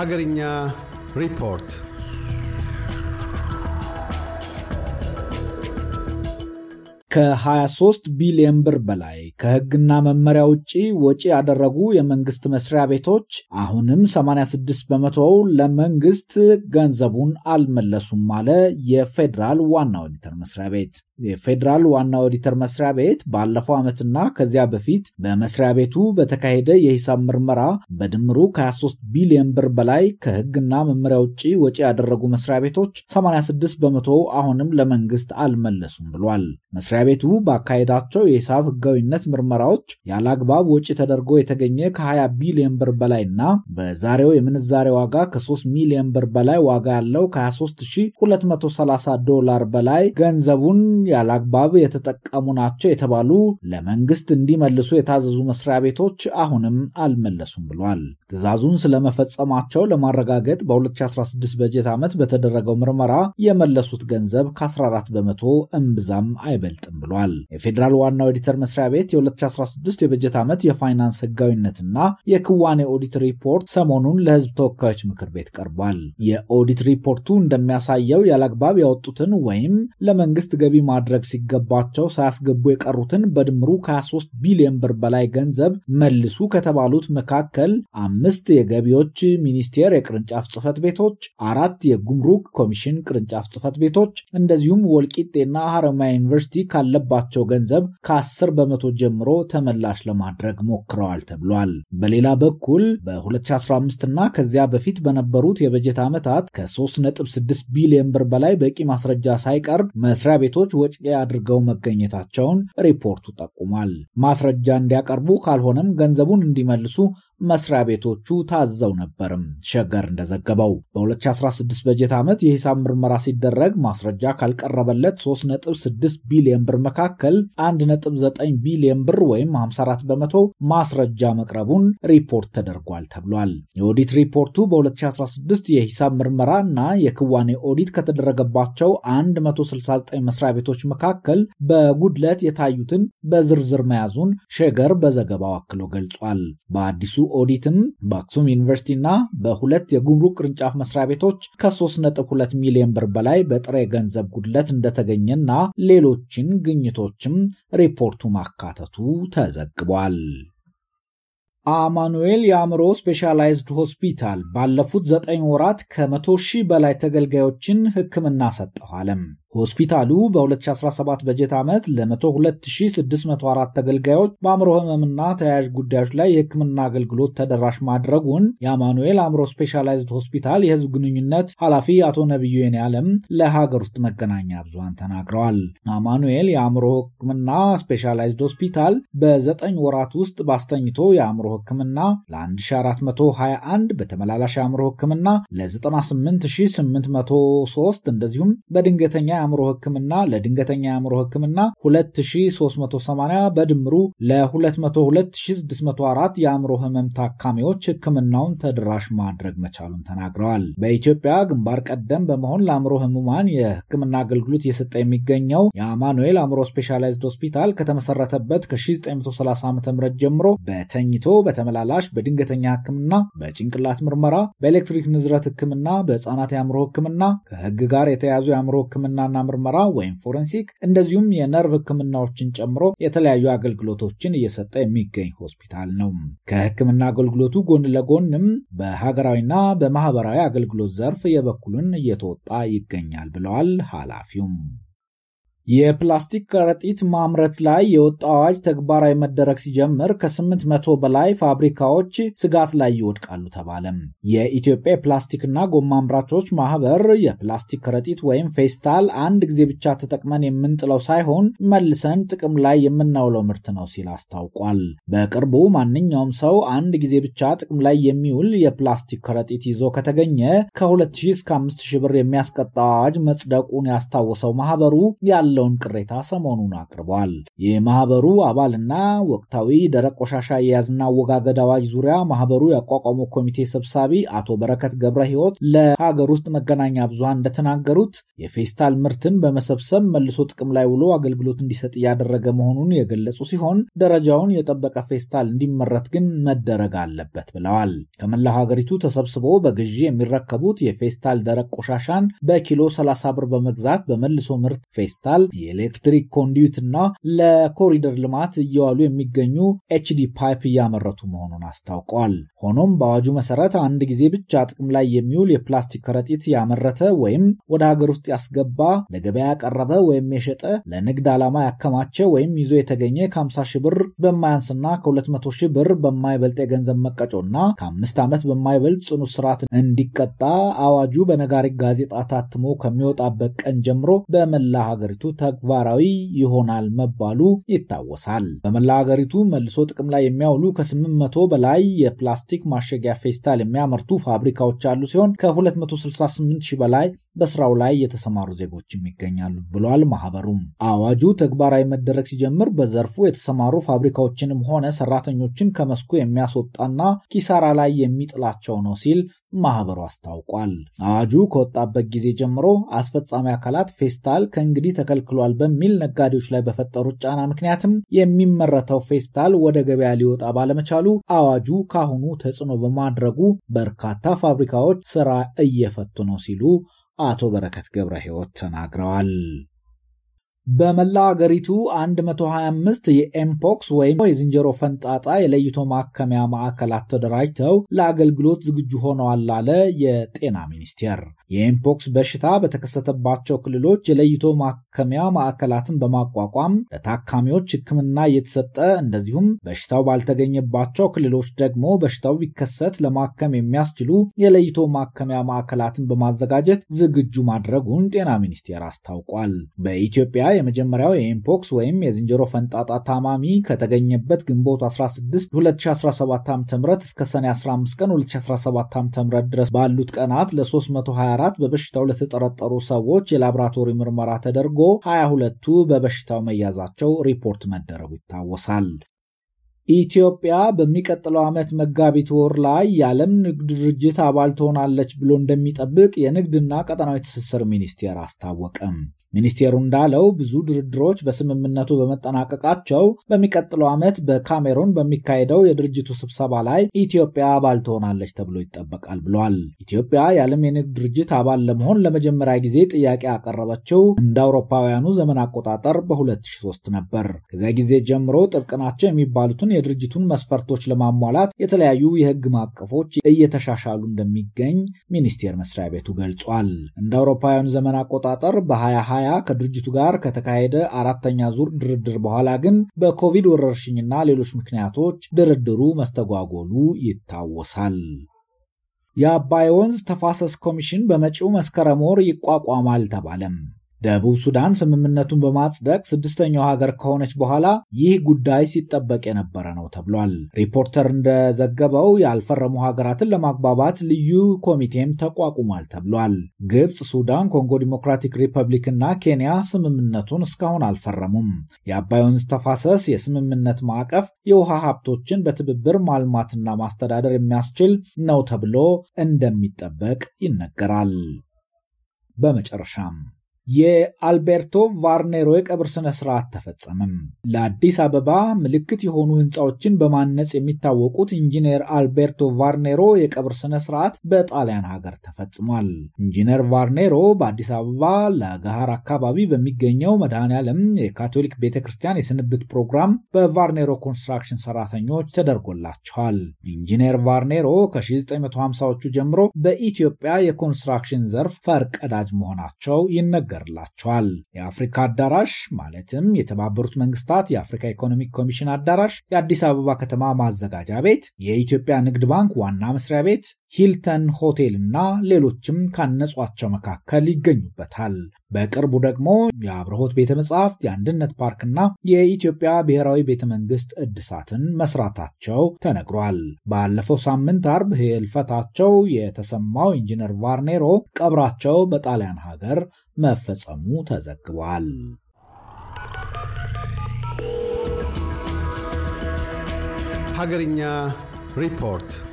ሀገርኛ ሪፖርት ከ23 ቢሊዮን ብር በላይ ከህግና መመሪያ ውጪ ወጪ ያደረጉ የመንግስት መስሪያ ቤቶች አሁንም 86 በመቶው ለመንግስት ገንዘቡን አልመለሱም አለ የፌዴራል ዋና ኦዲተር መስሪያ ቤት። የፌዴራል ዋና ኦዲተር መስሪያ ቤት ባለፈው ዓመትና ከዚያ በፊት በመስሪያ ቤቱ በተካሄደ የሂሳብ ምርመራ በድምሩ ከ23 ቢሊዮን ብር በላይ ከሕግና መመሪያ ውጭ ወጪ ያደረጉ መስሪያ ቤቶች 86 በመቶ አሁንም ለመንግስት አልመለሱም ብሏል። መስሪያ ቤቱ ባካሄዳቸው የሂሳብ ሕጋዊነት ምርመራዎች ያለ አግባብ ወጪ ተደርጎ የተገኘ ከ20 ቢሊዮን ብር በላይና በዛሬው የምንዛሬ ዋጋ ከ3 ሚሊዮን ብር በላይ ዋጋ ያለው ከ23230 ዶላር በላይ ገንዘቡን ያላግባብ የተጠቀሙ ናቸው የተባሉ ለመንግስት እንዲመልሱ የታዘዙ መስሪያ ቤቶች አሁንም አልመለሱም ብሏል። ትዕዛዙን ስለመፈጸማቸው ለማረጋገጥ በ2016 በጀት ዓመት በተደረገው ምርመራ የመለሱት ገንዘብ ከ14 በመቶ እምብዛም አይበልጥም ብሏል። የፌዴራል ዋና ኦዲተር መስሪያ ቤት የ2016 የበጀት ዓመት የፋይናንስ ህጋዊነትና የክዋኔ ኦዲት ሪፖርት ሰሞኑን ለህዝብ ተወካዮች ምክር ቤት ቀርቧል። የኦዲት ሪፖርቱ እንደሚያሳየው ያላግባብ ያወጡትን ወይም ለመንግስት ገቢ ማ ማድረግ ሲገባቸው ሳያስገቡ የቀሩትን በድምሩ ከ23 ቢሊዮን ብር በላይ ገንዘብ መልሱ ከተባሉት መካከል አምስት የገቢዎች ሚኒስቴር የቅርንጫፍ ጽህፈት ቤቶች፣ አራት የጉምሩክ ኮሚሽን ቅርንጫፍ ጽህፈት ቤቶች እንደዚሁም ወልቂጤና ሐረማያ ዩኒቨርሲቲ ካለባቸው ገንዘብ ከ10 በመቶ ጀምሮ ተመላሽ ለማድረግ ሞክረዋል ተብሏል። በሌላ በኩል በ2015 እና ከዚያ በፊት በነበሩት የበጀት ዓመታት ከ3.6 ቢሊዮን ብር በላይ በቂ ማስረጃ ሳይቀርብ መስሪያ ቤቶች ወጪ አድርገው መገኘታቸውን ሪፖርቱ ጠቁሟል። ማስረጃ እንዲያቀርቡ ካልሆነም ገንዘቡን እንዲመልሱ መስሪያ ቤቶቹ ታዘው ነበርም። ሸገር እንደዘገበው በ2016 በጀት ዓመት የሂሳብ ምርመራ ሲደረግ ማስረጃ ካልቀረበለት 3.6 ቢሊዮን ብር መካከል 1.9 ቢሊዮን ብር ወይም 54 በመቶ ማስረጃ መቅረቡን ሪፖርት ተደርጓል ተብሏል። የኦዲት ሪፖርቱ በ2016 የሂሳብ ምርመራ እና የክዋኔ ኦዲት ከተደረገባቸው 169 መስሪያ ቤቶች መካከል በጉድለት የታዩትን በዝርዝር መያዙን ሸገር በዘገባው አክሎ ገልጿል። በአዲሱ ኦዲትም በአክሱም ዩኒቨርሲቲና በሁለት የጉምሩክ ቅርንጫፍ መስሪያ ቤቶች ከ3.2 ሚሊዮን ብር በላይ በጥሬ ገንዘብ ጉድለት እንደተገኘና ሌሎችን ግኝቶችም ሪፖርቱ ማካተቱ ተዘግቧል። አማኑኤል የአእምሮ ስፔሻላይዝድ ሆስፒታል ባለፉት ዘጠኝ ወራት ከመቶ ሺህ በላይ ተገልጋዮችን ሕክምና ሰጠኋለም። ሆስፒታሉ በ2017 በጀት ዓመት ለ102604 ተገልጋዮች በአእምሮ ህመምና ተያያዥ ጉዳዮች ላይ የህክምና አገልግሎት ተደራሽ ማድረጉን የአማኑኤል አእምሮ ስፔሻላይዝድ ሆስፒታል የህዝብ ግንኙነት ኃላፊ አቶ ነቢዩ የኔ ዓለም ለሀገር ውስጥ መገናኛ ብዙሃን ተናግረዋል። አማኑኤል የአእምሮ ሕክምና ስፔሻላይዝድ ሆስፒታል በዘጠኝ ወራት ውስጥ ባስተኝቶ የአእምሮ ሕክምና ለ1421 በተመላላሽ የአእምሮ ህክምና ለ98803 እንደዚሁም በድንገተኛ የአእምሮ ህክምና ለድንገተኛ የአእምሮ ህክምና 2380 በድምሩ ለ202604 የአእምሮ ህመም ታካሚዎች ህክምናውን ተደራሽ ማድረግ መቻሉን ተናግረዋል። በኢትዮጵያ ግንባር ቀደም በመሆን ለአእምሮ ህሙማን የህክምና አገልግሎት እየሰጠ የሚገኘው የአማኑኤል አእምሮ ስፔሻላይዝድ ሆስፒታል ከተመሰረተበት ከ1930 ዓ ም ጀምሮ በተኝቶ በተመላላሽ በድንገተኛ ህክምና በጭንቅላት ምርመራ በኤሌክትሪክ ንዝረት ህክምና በህፃናት የአእምሮ ህክምና ከህግ ጋር የተያዙ የአእምሮ ህክምና ጥገናና ምርመራ ወይም ፎረንሲክ እንደዚሁም የነርቭ ህክምናዎችን ጨምሮ የተለያዩ አገልግሎቶችን እየሰጠ የሚገኝ ሆስፒታል ነው። ከህክምና አገልግሎቱ ጎን ለጎንም በሀገራዊና በማህበራዊ አገልግሎት ዘርፍ የበኩሉን እየተወጣ ይገኛል ብለዋል ኃላፊውም። የፕላስቲክ ከረጢት ማምረት ላይ የወጣ አዋጅ ተግባራዊ መደረግ ሲጀምር ከ መቶ በላይ ፋብሪካዎች ስጋት ላይ ይወድቃሉ ተባለም። የኢትዮጵያ የፕላስቲክና ጎማ አምራቾች ማህበር የፕላስቲክ ከረጢት ወይም ፌስታል አንድ ጊዜ ብቻ ተጠቅመን የምንጥለው ሳይሆን መልሰን ጥቅም ላይ የምናውለው ምርት ነው ሲል አስታውቋል። በቅርቡ ማንኛውም ሰው አንድ ጊዜ ብቻ ጥቅም ላይ የሚውል የፕላስቲክ ከረጢት ይዞ ከተገኘ ከ2000 እስከ 5000 ብር የሚያስቀጣ አዋጅ መጽደቁን ያስታወሰው ማህበሩ ያለው የሚለውን ቅሬታ ሰሞኑን አቅርቧል። የማህበሩ አባልና ወቅታዊ ደረቅ ቆሻሻ የያዝና አወጋገድ አዋጅ ዙሪያ ማህበሩ ያቋቋመው ኮሚቴ ሰብሳቢ አቶ በረከት ገብረ ህይወት ለሀገር ውስጥ መገናኛ ብዙሃን እንደተናገሩት የፌስታል ምርትን በመሰብሰብ መልሶ ጥቅም ላይ ውሎ አገልግሎት እንዲሰጥ እያደረገ መሆኑን የገለጹ ሲሆን ደረጃውን የጠበቀ ፌስታል እንዲመረት ግን መደረግ አለበት ብለዋል። ከመላው ሀገሪቱ ተሰብስቦ በግዢ የሚረከቡት የፌስታል ደረቅ ቆሻሻን በኪሎ 30 ብር በመግዛት በመልሶ ምርት ፌስታል ይገኛል። የኤሌክትሪክ እና ለኮሪደር ልማት እየዋሉ የሚገኙ ኤችዲ ፓይፕ እያመረቱ መሆኑን አስታውቋል። ሆኖም በአዋጁ መሰረት አንድ ጊዜ ብቻ ጥቅም ላይ የሚውል የፕላስቲክ ከረጢት ያመረተ ወይም ወደ ሀገር ውስጥ ያስገባ፣ ለገበያ ያቀረበ ወይም የሸጠ፣ ለንግድ ዓላማ ያከማቸ ወይም ይዞ የተገኘ ከ50 ሺህ ብር በማያንስና ከ200 ሺህ ብር በማይበልጥ የገንዘብ መቀጮና ከአምስት ዓመት በማይበልጥ ጽኑ ስርዓት እንዲቀጣ አዋጁ በነጋሪት ጋዜጣ ታትሞ ከሚወጣበት ቀን ጀምሮ በመላ ሀገሪቱ ተግባራዊ ይሆናል መባሉ ይታወሳል። በመላ ሀገሪቱ መልሶ ጥቅም ላይ የሚያውሉ ከ800 በላይ የፕላስቲክ ማሸጊያ ፌስታል የሚያመርቱ ፋብሪካዎች ያሉ ሲሆን ከ268 ሺህ በላይ በስራው ላይ የተሰማሩ ዜጎችም ይገኛሉ ብሏል ማህበሩም። አዋጁ ተግባራዊ መደረግ ሲጀምር በዘርፉ የተሰማሩ ፋብሪካዎችንም ሆነ ሰራተኞችን ከመስኩ የሚያስወጣና ኪሳራ ላይ የሚጥላቸው ነው ሲል ማህበሩ አስታውቋል። አዋጁ ከወጣበት ጊዜ ጀምሮ አስፈጻሚ አካላት ፌስታል ከእንግዲህ ተከልክሏል በሚል ነጋዴዎች ላይ በፈጠሩት ጫና ምክንያትም የሚመረተው ፌስታል ወደ ገበያ ሊወጣ ባለመቻሉ አዋጁ ካሁኑ ተጽዕኖ በማድረጉ በርካታ ፋብሪካዎች ስራ እየፈቱ ነው ሲሉ አቶ በረከት ገብረ ሕይወት ተናግረዋል። በመላ አገሪቱ 125 የኤምፖክስ ወይም የዝንጀሮ ፈንጣጣ የለይቶ ማከሚያ ማዕከላት ተደራጅተው ለአገልግሎት ዝግጁ ሆነዋል አለ የጤና ሚኒስቴር። የኤምፖክስ በሽታ በተከሰተባቸው ክልሎች የለይቶ ማከሚያ ማዕከላትን በማቋቋም ለታካሚዎች ሕክምና እየተሰጠ እንደዚሁም በሽታው ባልተገኘባቸው ክልሎች ደግሞ በሽታው ቢከሰት ለማከም የሚያስችሉ የለይቶ ማከሚያ ማዕከላትን በማዘጋጀት ዝግጁ ማድረጉን ጤና ሚኒስቴር አስታውቋል። በኢትዮጵያ የመጀመሪያው የኤምፖክስ ወይም የዝንጀሮ ፈንጣጣ ታማሚ ከተገኘበት ግንቦት 16 2017 ዓ.ም እስከ ሰኔ 15 ቀን 2017 ም ድረስ ባሉት ቀናት ለ324 በበሽታው ለተጠረጠሩ ሰዎች የላብራቶሪ ምርመራ ተደርጎ 22ቱ በበሽታው መያዛቸው ሪፖርት መደረጉ ይታወሳል። ኢትዮጵያ በሚቀጥለው ዓመት መጋቢት ወር ላይ የዓለም ንግድ ድርጅት አባል ትሆናለች ብሎ እንደሚጠብቅ የንግድና ቀጠናዊ ትስስር ሚኒስቴር አስታወቀም። ሚኒስቴሩ እንዳለው ብዙ ድርድሮች በስምምነቱ በመጠናቀቃቸው በሚቀጥለው ዓመት በካሜሩን በሚካሄደው የድርጅቱ ስብሰባ ላይ ኢትዮጵያ አባል ትሆናለች ተብሎ ይጠበቃል ብሏል። ኢትዮጵያ የዓለም የንግድ ድርጅት አባል ለመሆን ለመጀመሪያ ጊዜ ጥያቄ ያቀረበችው እንደ አውሮፓውያኑ ዘመን አቆጣጠር በ2003 ነበር። ከዚያ ጊዜ ጀምሮ ጥብቅ ናቸው የሚባሉትን የድርጅቱን መስፈርቶች ለማሟላት የተለያዩ የህግ ማቀፎች እየተሻሻሉ እንደሚገኝ ሚኒስቴር መስሪያ ቤቱ ገልጿል። እንደ አውሮፓውያኑ ዘመን አቆጣጠር በ2020 2020 ከድርጅቱ ጋር ከተካሄደ አራተኛ ዙር ድርድር በኋላ ግን በኮቪድ ወረርሽኝና ሌሎች ምክንያቶች ድርድሩ መስተጓጎሉ ይታወሳል። የአባይ ወንዝ ተፋሰስ ኮሚሽን በመጪው መስከረም ወር ይቋቋማል ተባለም። ደቡብ ሱዳን ስምምነቱን በማጽደቅ ስድስተኛው ሀገር ከሆነች በኋላ ይህ ጉዳይ ሲጠበቅ የነበረ ነው ተብሏል። ሪፖርተር እንደዘገበው ያልፈረሙ ሀገራትን ለማግባባት ልዩ ኮሚቴም ተቋቁሟል ተብሏል። ግብፅ፣ ሱዳን፣ ኮንጎ ዲሞክራቲክ ሪፐብሊክ እና ኬንያ ስምምነቱን እስካሁን አልፈረሙም። የአባይ ወንዝ ተፋሰስ የስምምነት ማዕቀፍ የውሃ ሀብቶችን በትብብር ማልማትና ማስተዳደር የሚያስችል ነው ተብሎ እንደሚጠበቅ ይነገራል። በመጨረሻም የአልቤርቶ ቫርኔሮ የቀብር ስነ ስርዓት ተፈጸመም። ለአዲስ አበባ ምልክት የሆኑ ህንፃዎችን በማነጽ የሚታወቁት ኢንጂነር አልቤርቶ ቫርኔሮ የቀብር ስነ ስርዓት በጣሊያን ሀገር ተፈጽሟል። ኢንጂነር ቫርኔሮ በአዲስ አበባ ለገሃር አካባቢ በሚገኘው መድኃኔ ዓለም የካቶሊክ ቤተ ክርስቲያን የስንብት ፕሮግራም በቫርኔሮ ኮንስትራክሽን ሰራተኞች ተደርጎላቸዋል። ኢንጂነር ቫርኔሮ ከ1950ዎቹ ጀምሮ በኢትዮጵያ የኮንስትራክሽን ዘርፍ ፈርቀዳጅ መሆናቸው ይነገራል። ይነገርላቸዋል። የአፍሪካ አዳራሽ ማለትም የተባበሩት መንግስታት የአፍሪካ ኢኮኖሚክ ኮሚሽን አዳራሽ፣ የአዲስ አበባ ከተማ ማዘጋጃ ቤት፣ የኢትዮጵያ ንግድ ባንክ ዋና መስሪያ ቤት፣ ሂልተን ሆቴል እና ሌሎችም ካነጿቸው መካከል ይገኙበታል። በቅርቡ ደግሞ የአብርሆት ቤተ መጽሐፍት፣ የአንድነት ፓርክና የኢትዮጵያ ብሔራዊ ቤተ መንግስት እድሳትን መስራታቸው ተነግሯል። ባለፈው ሳምንት አርብ ህልፈታቸው የተሰማው ኢንጂነር ቫርኔሮ ቀብራቸው በጣሊያን ሀገር መ መፈጸሙ ተዘግቧል። ሀገርኛ ሪፖርት